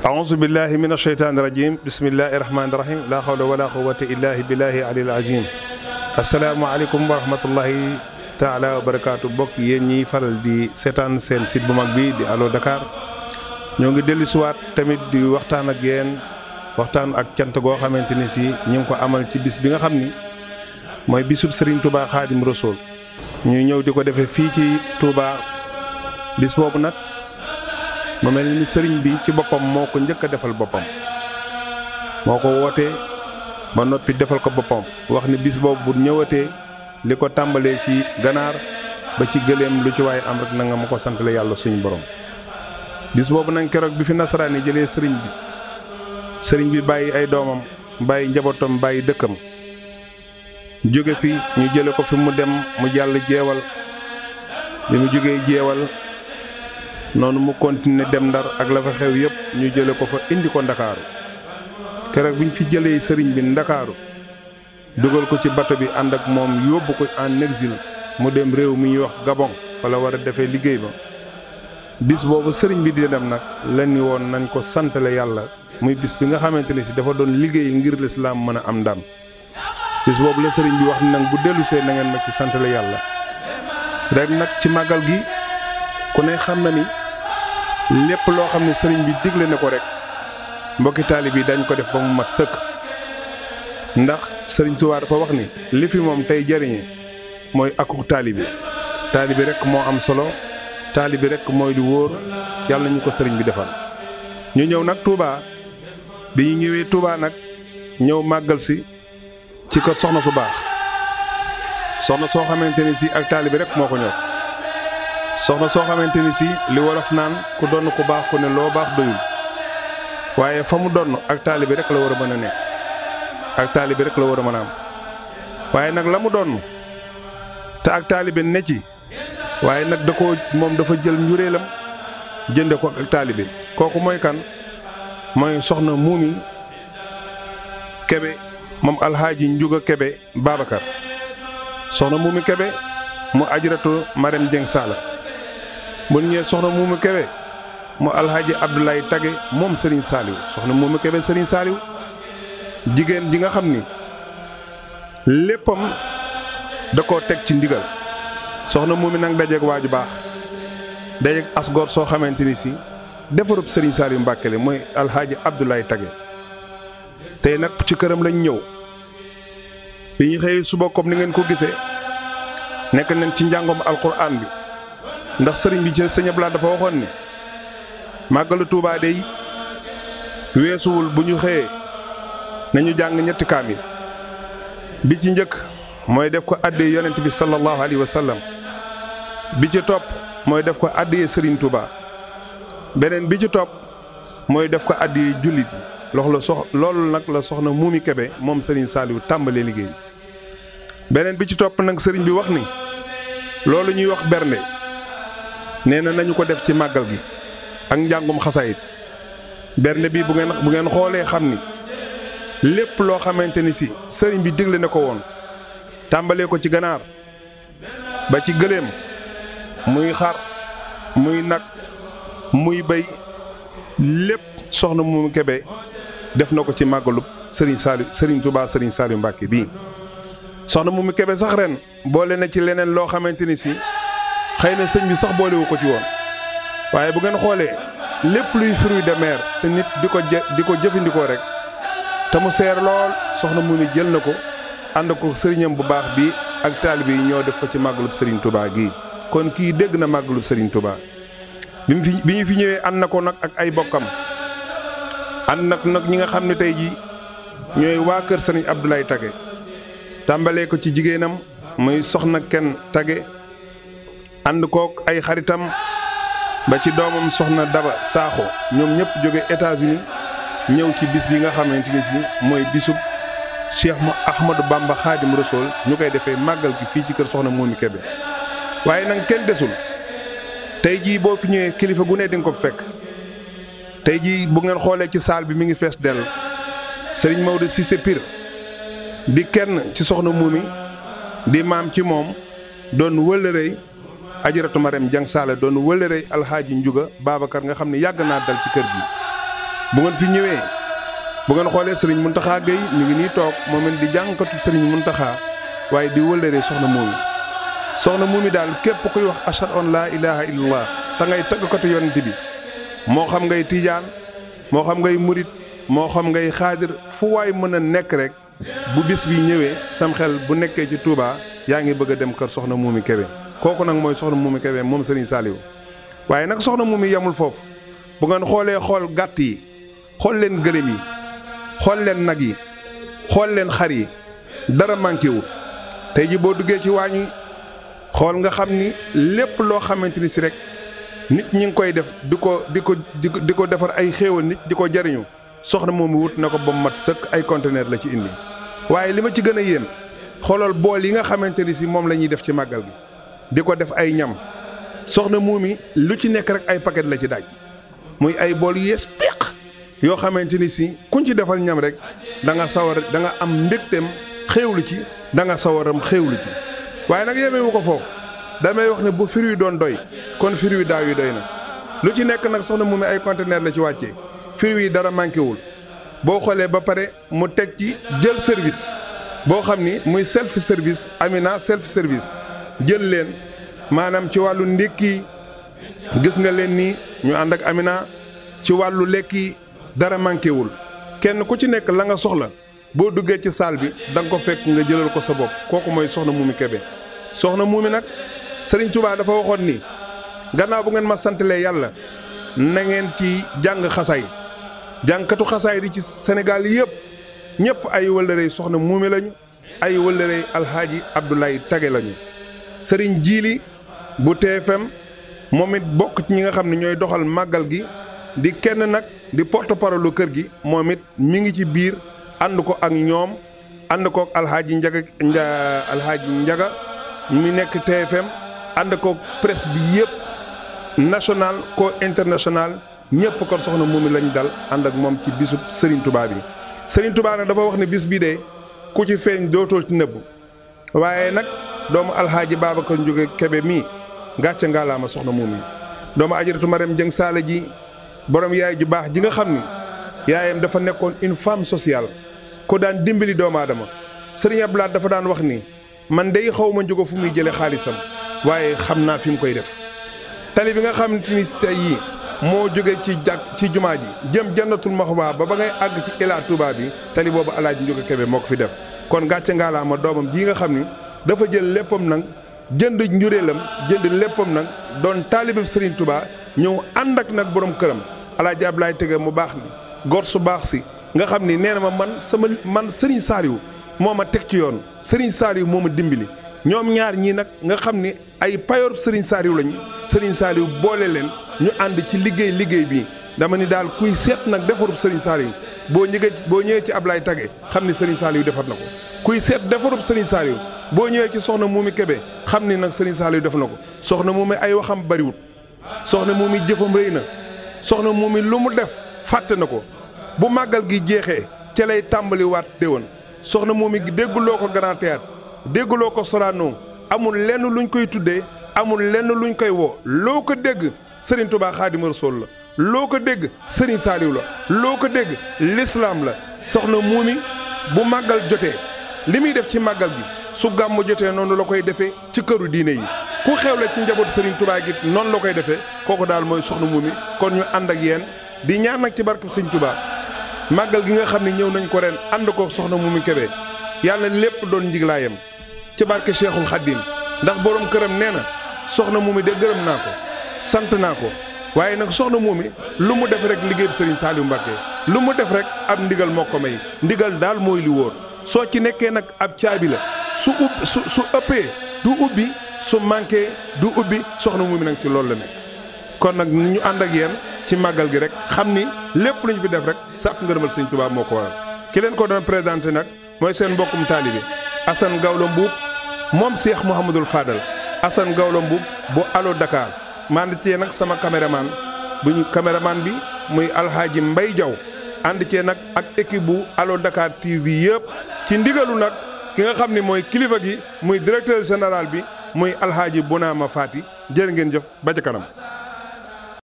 أعوذ بالله من الشيطان الرجيم بسم الله الرحمن الرحيم لا حول ولا قوة إلا بالله علي العظيم السلام عليكم ورحمة الله تعالى وبركاته بوك يني فرل دي سيتان سين سيد بومك بي دي ألو دكار نيونج ديلي سوات تميد دي وقتان اجين وقتان اك كانت غو خامنتيني سي نيونكو عمل تي بيس بيغا خامني موي بيسوب سيرين توبا خادم رسول ني نيو ديكو ديفي في تي توبا بيس بوبو نات mu mel ni sëriñ bi ci boppam moo ko njëkk defal boppam moo ko wootee ba noppi defal ko boppam wax ni bis boobu bu ñëwatee li ko tàmbalee ci ganaar ba ci gëléem lu ci waaye am rek na nga ma ko santale yàlla suñu borom bis boobu nag keroog bi fi nasaraan yi jëlee sëriñ bi sëriñ bi bàyyi ay doomam bàyyi njabootam bàyyi dëkkam jóge si ñu jële ko fi mu dem mu jàll jeewal bi mu jógee jeewal noonu mu continuer dem ndar ak la fa xew yëpp ñu jële ko fa indi ko ndakaaru keroog bi ñu fi jëlee sëriñ bi ndakaaru dugal ko ci bato bi ànd ak moom yóbbu ko en exil mu dem réew mi ñuy wax Gabon fa la war a defee liggéey ba bis boobu sëriñ bi di dem nag la ni woon nañ ko santale yàlla muy bis bi nga xamante ne si dafa doon liggéey ngir laa mën a am ndam bis boobu la sëriñ bi wax ni nag bu dellusee na ngeen ma ci santale yàlla rek nag ci lépp loo xam ne sëriñ bi digle na ko rek mbokki taalib yi dañ ko def ba mu mat sëkk ndax sëriñ Tuubaa dafa wax ni li fi moom tey jariñe mooy akuk taalibi taalibi rek moo am solo taalibi rek mooy lu wóor yàlla ñu ko sëriñ bi defal ñu ñëw nag Touba bi ñu ñëwee Touba nag ñëw màggal si ci kër soxna su baax soxna soo xamante ni si ak taalibi rek moo ko ñor soxna soo xamante ni si li wolof naan ku donn ko baax ku ne loo baax doyul waaye fa mu donn ak taalibe rek la war a mën a nekk ak taalibe rek la war a mën a am waaye nag la mu donn te ak taalibe ne ci waaye nag da ko moom dafa jël njureelam jënde ko ak taalibe kooku mooy kan mooy soxna muumi kebe moom alxaaji njuga kebe Babacar soxna muumi kebe mu ajratu Marème Dieng saala bu ñëw soxna mumu Kébé mo alhaji abdullahi Tage mom Serigne saliw soxna mumu Kébé Serigne saliw jigen ji nga xamni leppam da ko tek ci ndigal soxna Moumi nag dajeeg waaju baax dajeeg asgoor asgor so xamanteni si Serigne saliw moy alhaji abdullahi Tage tey nak ci kërëm lañ ñëw bi ñu xëyee suba kom ni ngeen ko gisé nek nañ ci alquran bi ndax serigne bi jeul sëñ Abdoulaye dafa waxone ni magal Touba day weesuwul buñu ñu nañu jang ñetti kaamil bi ci njëkk moy def ko addé yonent bi sallallahu alaihi wasallam bi ci top moy def ko addé serigne Touba benen bi ci top moy def ko addé julit sox lolul nak la soxna mumi Kebe mom serigne saliw tàmbalee liggéey benen bi ci top nak serigne bi wax ni lolou ñuy wax berne nee na nañu ko def ci màggal gi ak njàngum xasayit bernde bii bu ngeen bu ngeen xoolee xam ni lépp loo xamante ni si sëriñ bi digle na ko woon tàmbalee ko ci ganaar ba ci gëléem muy xar muy nag muy bay lépp soxna mu Kébé def na ko ci màggalub sëriñ Saliou sëriñ tubaa sëriñ Saliou Mbacke bii soxna Momy Kébé sax ren boole na ci leneen loo xamante ni si xëy na sëñ bi sax boolewu ko ci woon waaye bu ngeen xoolee lépp luy fruit de mer te nit di ko di ko jëfandikoo rek te mu seer lool soxna mu ni jël na ko ànd ko sëriñam bu baax bi ak taalibe yi ñoo def ko ci màggalub sëriñ tubaa gii kon kii dégg na màggalub sëriñ Touba bi mu fi ñu fi ñëwee ànd na ko nag ak ay bokkam ànd nag nag ñi nga xam ne tey jii ñooy waa kër sëriñ Abdoulaye Tage tàmbalee ko ci jigéenam muy soxna kenn Tage ànd kook ay xaritam ba ci doomam soxna Daba Sakho ñoom ñëpp jóge États-Unis ñëw ci bis bi nga xamante ni si mooy bisub Cheikh Ahmadou Bamba Khadim Rassoul ñu koy defee màggal gi fii ci kër soxna Momi Kébé waaye nag kenn desul tey jii boo fi ñëwee kilifa gu ne di nga ko fekk tey jii bu ngeen xoolee ci saal bi mi ngi fees dell Serigne Maodo Cissé Pire di kenn ci soxna Momi di maam ci moom doon wëllërey ajiratu Marème jang Sala don wëlërey alxaaji Njuga juga nga xamni yag na dal ci kër gi bu ngeen fi ñëwé bu ngeen xolé serigne Muntaxa Gueye mi ngi ni tok moom di jàngkatu serigne Muntaxa waye di wëlëree soxna momi soxna momi dal képp kuy wax ashhadu an la ilaha illallah ta ngay te yonent bi mo xam ngay tijaan mo xam ngay murid mo xam ngay khadir fu way mëna nek rek bu bis bi ñëwé sam xel bu nekké ci Touba yaangi bëgg dem kër soxna momi Kébé kooku nag moy soxna mumi Kébé mom Serigne saliw waaye nak soxna mumi yamul fof bu ngeen xolé xol gatti xol len leen yi xol len nag yi xol len xari dara manqué wu tay ji bo duggé ci wañi xol nga xamni lepp lo xamanteni ci ni rek nit ñi ngi koy def diko diko diko defar ay xéewal nit diko jariñu soxna moom wut na bam mat sëkk ay conteneur la ci indi waaye lima ci gëna yeen xolal bol yi nga xamanteni ci si lañuy def ci magal gi di ko def ay ñam soxna muumi lu ci nekk rek ay paquet la ci daaj muy ay bool yu peq yoo xamante ni si kuñ ci defal ñam rek da nga sawar da nga am mbégteem xéewlu ci da nga sawaram xéewlu ci waaye nag yemewu ko foofu damay wax ne bu fruit doon doy kon fruit daaw yi doy na lu ci nekk nag soxna muumi ay conteneur la ci wàccee fruit yi dara manqué wul boo xoolee ba pare mu teg ci jël service boo xam ni muy self service Amina self service jël leen maanaam ci wàllu ndékki gis nga leen ni ñu ànd ak Amina ci wàllu lekki dara manqué wul kenn ku ci nekk la nga soxla boo duggee ci saal bi da ko fekk nga jëlal ko sa bopp kooku mooy soxna Muumi Kebe soxna Muumi nag Serigne Touba dafa waxoon ni gannaaw bu ngeen ma santalee yàlla na ngeen ci jàng xasaay jàngkatu xasaay di ci Sénégal yëpp ñëpp ay wëllërey soxna Muumi lañu ay wëllërey alxaaji Abdoulaye Tage lañu. sëriñ Jiili bu TFM moom it bokk ci ñi nga xam ne ñooy doxal màggal gi di kenn nag di porte-parole kër gi moom it mi ngi ci biir ànd ko ak ñoom ànd ko ak alxaaji Njaga alxaaji Njaga mi nekk TFM ànd ko presse bi yëpp national ko international ñëpp kon soxna Momy lañ dal ànd ak moom ci bisub Serigne tubaab yi Serigne Touba nag dafa wax ne bis bi de ku ci feeñ dootoo ci nëbb waaye nag haji baba babacar njuge kebe mi ngala ma soxna moom dom ajiratu maram jeng sala ji borom yaay ju bax ji nga xamni yaayam dafa nekkon une femme sociale ko daan dimbali dom adama serigne ablaat dafa daan wax ni man day xawma njugo fu muy jele khalisam waye xamna fim koy def tali bi nga xamni ni yi mo joge ci jak ci jumaa ji jëm jannatul mahwa ba ba ngay ag ci ila Touba bi tali bobu alaaji njugo kebe mok fi def kon ngala ma domam ji nga xamni dafa jël léppam nag jënd njureelam jënd léppam nag doon taalibe Serigne Touba ñëw ànd ak nag borom këram Alaaji Ablaay Tege mu baax ni gor su baax si nga xam ni nee na ma man sama man Serigne Saliou moo ma teg ci yoon Serigne Saliou moo ma dimbali ñoom ñaar ñii nag nga xam ni ay payoor Serigne Saliou lañu Serigne Saliou boole leen ñu ànd ci liggéey liggéey bii dama ni daal kuy seet nag defarub Serigne Saliou boo ñëgee boo ñëwee ci Ablaay Tage xam ni Serigne Saliou defar na ko kuy seet defarub Serigne Saliou boo ñëwee ci soxna Momy kebe xam ni nag Serigne Saliou def na ko soxna Momy ay waxam bariwut soxna Momy jëfam rëy na soxna Momy lu mu def fàtte na ko bu màggal gi jeexee ca lay tàmbaliwaat déwén soxna Momy dégguloo ko Grand dégguloo ko Sorano amul lenn luñ koy tuddee amul lenn luñ koy woo loo ko dégg Serigne Touba Xaadimu Rasuul la loo ko dégg Serigne Saliou la loo ko dégg l'islam la soxna Momy bu màggal jotee li muy def ci màggal gi su gàmmu jotee noonu la koy defee ci këru diine yi ku xewle ci njaboot Serigne Touba gi noonu la koy defee kooku daal mooy soxna Momy kon ñu ànd ak yéen di ñaan nag ci barkeb Serigne Touba màggal gi nga xam ne ñëw nañ ko ren ànd ko soxna Momy Kébé yàlla lépp doon njiglaayam ci barke Cheikhul Khadim ndax borom këram nee na soxna Momy de gërëm naa ko sant naa ko waaye nag soxna Momy lu mu def rek liggéeyub Serigne Saliou Mbacké lu mu def rek ab ndigal moo ko may ndigal daal mooy li wóor soo ci nekkee nag ab caabi la. su ub su su ëppee du ubbi su manqué du ubbi soxna mu mi nag ci loolu la kon nag ni ñu ànd ak yéen ci màggal gi rek xam ni lépp lu ñu fi def rek sàkk ngërëmal sëñ Tuubaa moo ko waral ki leen ko doon présenté nag mooy seen mbokkum taalibe Assane Gawlo Mbuub moom Cheikh Mouhamadul Fadal Assane Gawlo Mbuub bu Allo Dakar maa ànd nag sama caméraman bu ñu caméraman bi muy Alxaaji Mbay Jaw ànd cee nag ak équipe bu Allo Dakar TV yëpp ci ndigalu nag ki nga xam ni mooy kilifa gi muy directeur général bi muy alhaaji Bounama Fati jërë ngeen jëf ba ca